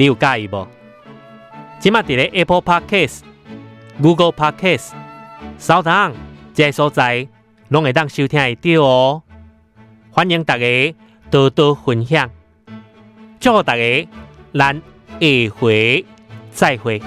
你有介意冇？即晚喺 Apple Podcast、Google Podcast、Sound On 這些所在，攏會當收聽得到哦。歡迎大家多多分享，祝大家，咱下回再會。